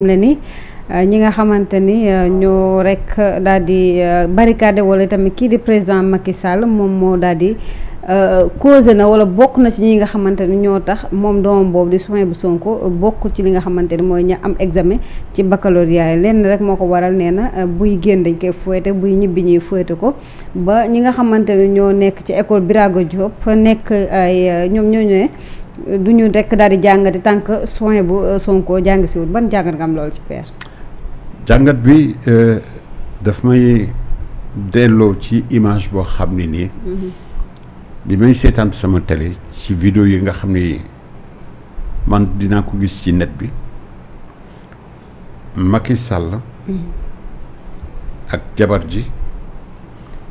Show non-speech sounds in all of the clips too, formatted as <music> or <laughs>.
le ni euh, ñi nga xamante ni euh, ñoo rek euh, daal di barricade wala tamit kii di président Macky Sall moom moo dal di causé na wala bokk na ci ñi nga xamante ni ñoo tax moom doomam boobu di bu Sonko bokkul ci li nga xamante ni mooy ña am examen ci baccalauréat yi lenn rek moo ko waral nee na buy génn dañ koy fouetté buy ñibbi ñuy fouetté ko ba ñi nga xamante ni ñoo nekk ci école Birago Diop nekk ay ñoom ñoo ne du ñu rek daal di jàngate tant que soin bu euh, sonkoo jàng si ban jàngat nga am loolu ci père. jàngat bi euh, dafa may delloo ci image boo xam ne nii. Mhm. bi may seetaan sama télé ci video yi nga xam ni man dinaa ko gis ci net bi Macky Sall. Mhm. ak jabar ji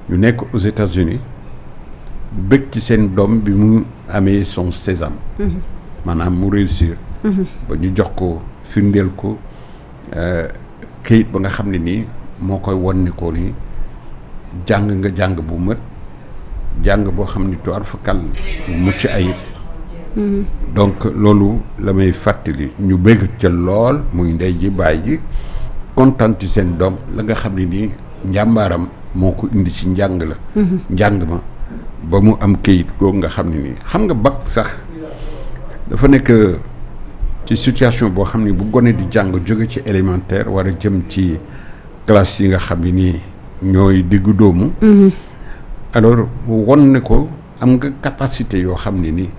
ñu nekk aux États-Unis bëgg ci seen doom bi mu amee son sésame. Mhm. maanaam mu réussir. Mhm. ba ñu jox ko firndeel ko euh, këyit ba nga xam ne nii moo koy won ne ko ni jàng nga jàng bu mët jàng boo xam ni tuwaar fa kàll mucc ayib. Mhm. donc loolu la may fàttali ñu bëgg ca lool muy ndey ji bàyyi ji ci seen doom la nga xam ni nii njàmbaaram moo ko indi ci njàng la. njàng ma. ba mu am kayit kooku nga xam ne nii xam nga bac sax dafa nekk ci situation boo xam ne bu gone di jàng jóge ci élémentaire war a jëm ci classe yi nga xam ni nii ñooy diggu doomu mhm. alors won ne ko am nga capacité yoo xam ne nii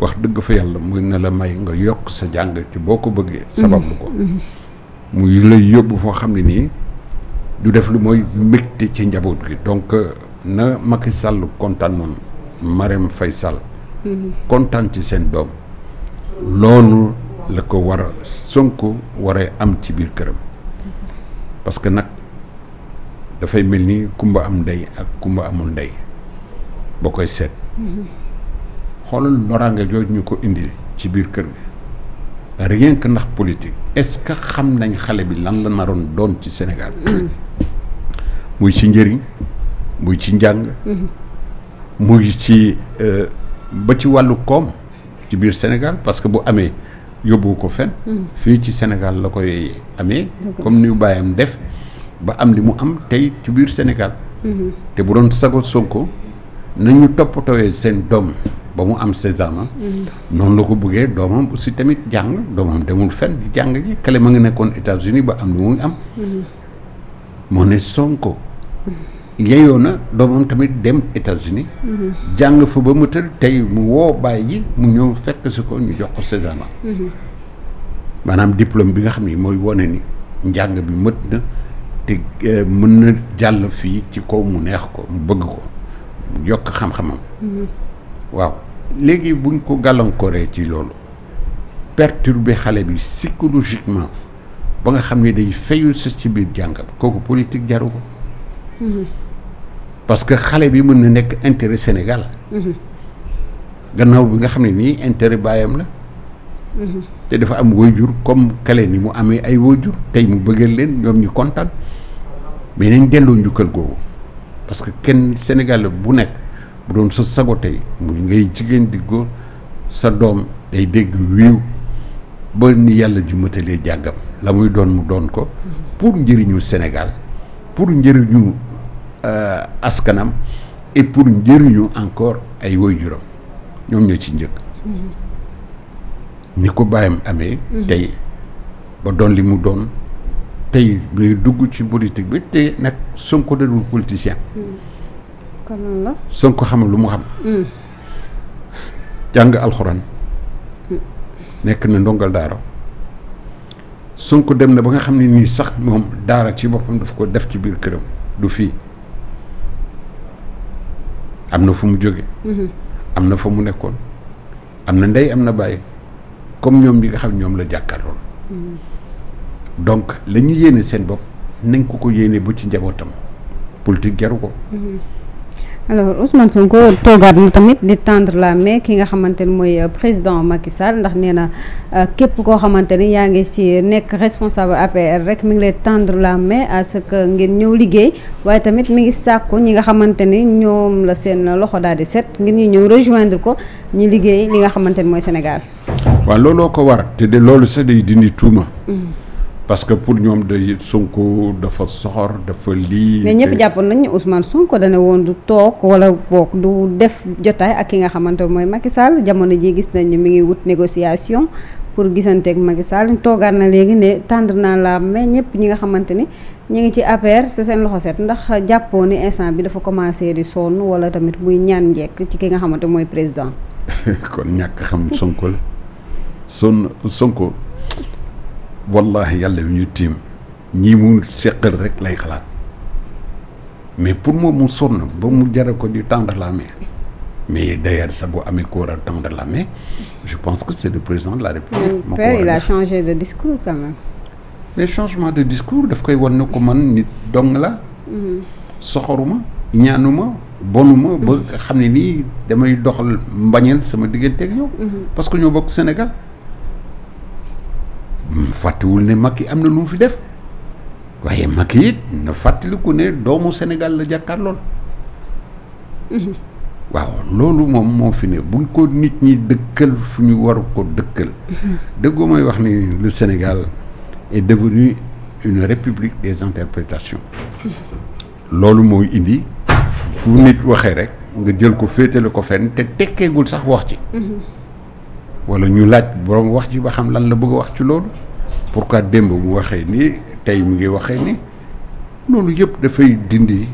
wax dëgg fa yàlla mën na la may nga yokk sa jàng ci boo ko bëggee mhm. sabablu ko mhm. muy lay yóbbu foo xam ne nii du def lu mooy mbégte ci njaboot gi donc na Macky Sall kontaan moom Marème fay Sall mm-hmm. kontaan ci seen doom loolu la ko war a Sonko waree am ci biir këram parce que nag dafay mel ni kumba am ndey ak kumba amul ndey boo koy seet mm-hmm. xoolal loraange jooju ñu ko indi ci biir kër gi rien ndax politique est-ce que xam nañ xale bi lan la naroon doom ci Sénégal mm-hmm. muy ci njëriñ muy ci njàng muy ci euh, ba ci wàllu koom ci biir Sénégal parce que bu amee yóbbu ko fen fii ci Sénégal la koy amee comme ni bàyyam def ba am li mu am tey ci biir Sénégal mhm. te bu doon sago Sonko nañu toppatowee seen doom ba mu am sésame mhm. noonu la ko buggee doomam aussi tamit jàng doomam demul fen di jàng ji kale ma ngi nekkoon États-Unis ba am li mu am mhm. moo ne Sonko yeyoo na doomam tamit dem États-Unis mhm. jàng fa ba mu tël tey mu woo baay ji mu ñëw fekk si ko ñu jox ko César mhm. maanaam diplôme bi nga xam ni mooy wone ni njàng bi mët na te eh, mën na jàll fii ci kaw mu neex ko mu bëgg ko mu yokk xam-xamam mhm. waaw léegi buñ ko gàllankooree ci loolu perture bi xale bi psychologiquement ba nga xam ni day fayu sës ci biir jàngat kooku politique jaru ko parce que xale bi mën na nekk intére Sénégal. Mhm. gannaaw bi nga xam ne nii intérêt baayam la. Mhm. te dafa am waajur comme kale ni mu amee ay waajur tey mu bëggal leen ñoom ñu kontaan mais nañ njukkal googu parce que kenn Sénégal bu nekk bu doon sa sago tey muy ngay jigéen di góor sa doom day dégg wiiw ba ni yàlla ji mëtalee jàggam la muy doon mu doon ko mhm. pour njëriñu Sénégal pour njëriñu Euh, askanam et pour njëriñu encore ay woy waajuram ñoom ñoo ci njëkk ni ko bàyyam amee mhm. tey ba doon li mu doon tey muy dugg ci politique bi tey nag Sonko dadul politicien mhm. kon la xam lu mu xam mhm. jàng alxuraan nekk na ndongal daara Sonko dem na ba nga xam ne nii sax moom daara ci boppam daf ko def ci biir këram du fii am na fu mu jóge mhm. am na fa mu nekkoon am na ndey am na bàyyi comme ñoom ñi nga xam ñoom la jàkkaarlool mhm. donc la ñu yéene seen bopp nañ ko ko yéene ba ci njabootam politique jaru ko mhm. alors Ousmane Sonko toogaat na tamit di tendre la mais ki nga xamante ni mooy euh, président Macky Sall ndax nee na euh, képp koo xamante ni yaa ngi ci nekk responsable APR rek mi ngi leen tendre la mais à ce que ngeen ñëw liggéey waaye tamit mi ngi sàkku ñi nga xamante ni ñoom la seen loxo daal di set ngir ñu ñëw rejoindre ko ñu liggéey li nga xamante ni mooy Sénégal. waaw looloo ko war te de loolu sax day dindi tuuma. Mm. parce que pour ñoom day Sonko dafa soxor dafa lii. mais ñëpp jàppoon nañ ne Ousmane Sonko dana woon du toog wala boog du def jotaay ak ki nga xamante mooy Macky Sall jamono ji gis nañ ne mi ngi wut négociation pour gisante ak Macky Sall toogaat na léegi ne tendre naa laa mais ñëpp ñi nga xamante ni ñu ngi ci APR sa seen loxo set ndax jàppoo ni instant bi dafa commencé di sonn wala tamit muy ñaan njekk ci ki nga xamante mooy président. <laughs> kon ñàkk xam Sonko la wallahi yàlla bi ñu tiim ñii mu seqal rek lay xalaat mais pour moom mu sonn ba mu jare ko di tendre la main mais d'ailleurs sa boo amee ko war a la main je pense que c'est le président de la République. mon père changé de discours quand changement de discours daf koy wan ne ko man nit dong la. Mm-hmm. soxoruma ñaanuma bonuma ba mm-hmm. xam ne nii damay doxal mbañeel sama diggante ak yow. Mm-hmm. parce que ñoo bokk Sénégal. Mm, fàttewul ne mag yi am na lu mu fi def waaye Macky it na fàttaliku ne doomu Sénégal la jàkkaar lool mm-hmm. waaw loolu moom moo fi ne bu ko nit ñi dëkkal fu ñu waru ko dëkkal mm-hmm. dëggoo mooy wax ni le Sénégal est devenu une république des interprétations mm-hmm. loolu mooy indi bu nit waxee rek nga jël ko féetale ko fenn te tekkeegul sax wax ci wala ñu laaj boroom wax ji ba xam lan la bëgg wax ci loolu pourquoi démb mu waxee nii tey mu ngi waxee nii loolu yëpp dafay dindi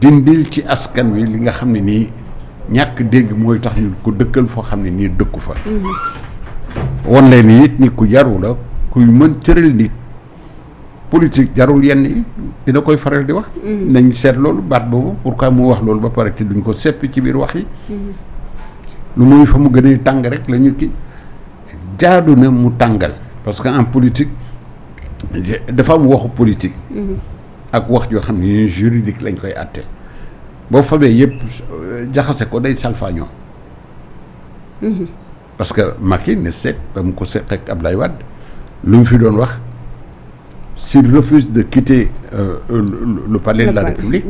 dindil ci askan wi li nga xam ne nii ñàkk dégg mooy tax ñu ko dëkkal foo xam ne nii dëkku fa mm-hmm. won leen ni it ni ku yaru kuy mën cëral nit politique jarul yenn yi dina koy faral di wax mm-hmm. nañu seet loolu baat boobu pourquoi mu wax loolu ba pare te duñ ko seppi ci biir wax yi mm-hmm. lu muy fa mu gën a tàng rek la ñu kii jaadu na mu tàngal parce que en politique dafa am waxu politique. Mm-hmm. ak wax joo xam ne juridique lañ koy àtte boo fabee yëpp jaxase ko day salfaañoo. Mm-hmm. parce que Macky ne seet ba mu ko seet ak Abdoulaye Wade lu mu fi doon wax s'il refuse de quitter euh, lu le, le palais le de la République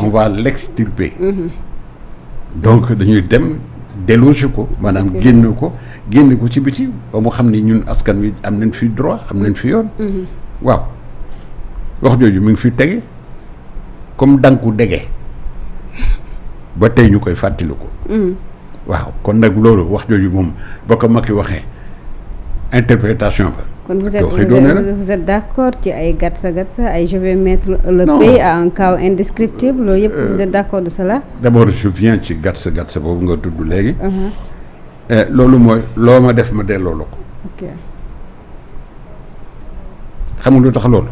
on va l'extirper. Mm-hmm. donc dañuy dem. déloger ko maanaam génne ko génne ko ci biti ba mu xam ni ñun askan wi am nañ fi droit am nañ fi yoon mhm. waaw wax jooju mi ngi fi tege comme dang danku dege ba tey ñu koy fàttali ko mhm. waaw kon nag loolu wax jooju moom ba ko mag ki waxee interprétation ba kon vous êtes vous êtes d'accord ci ay gatsa gatsa ay je vais mettre le pays à un chaos indescriptible loolu yëpp vous euh, êtes d'accord de cela d'abord je viens ci gatsa gatsa boobu nga tudd léegi uh-huh. eh, loolu mooy loo ma def ma delloo la ko ok lu tax loolu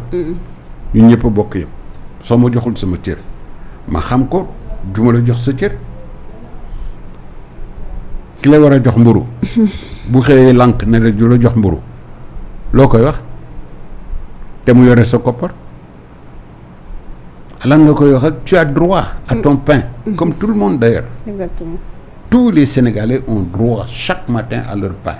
ñun ñëpp bokk yam soo ma joxul sama cër ma xam ko du ma la jox sa cër ki la war a jox mburu <laughs> bu xëyee lànk ne la du la jox mburu loo koy wax te mu yore sa koppar lan nga koy wax ak tu as droit à ton mm. pain mm. comme tout le monde d'ailleurs tous les sénégalais ont droit chaque matin à leur pain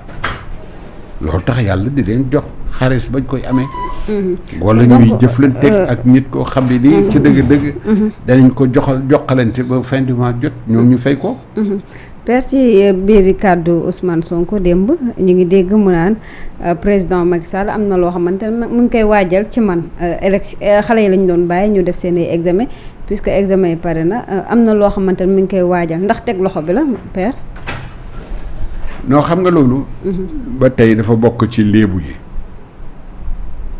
loolu tax yàlla di leen jox xaalis bañ koy amee mm-hmm. wala ñuy jëflanteeg euh, ak nit koo xam ne nii mm-hmm. ci dëgg-dëgg mm-hmm. dañ ko joxal joxalante ba fin mois jot ñoom ñu fay ko per ci biir kàddu Ousmane Sonko démb ñu ngi dégg mu naan euh, président Macky Sall am na loo xamante ne mu ngi koy waajal ci man euh, élection euh, xale yi lañu doon bàyyi ñu def seen i examen puisque examen yi pare na am na loo xamante ne mu ngi koy waajal ndax teg loxo bi la père. non xam nga loolu. Mhm. ba tey dafa bokk ci léebu yi.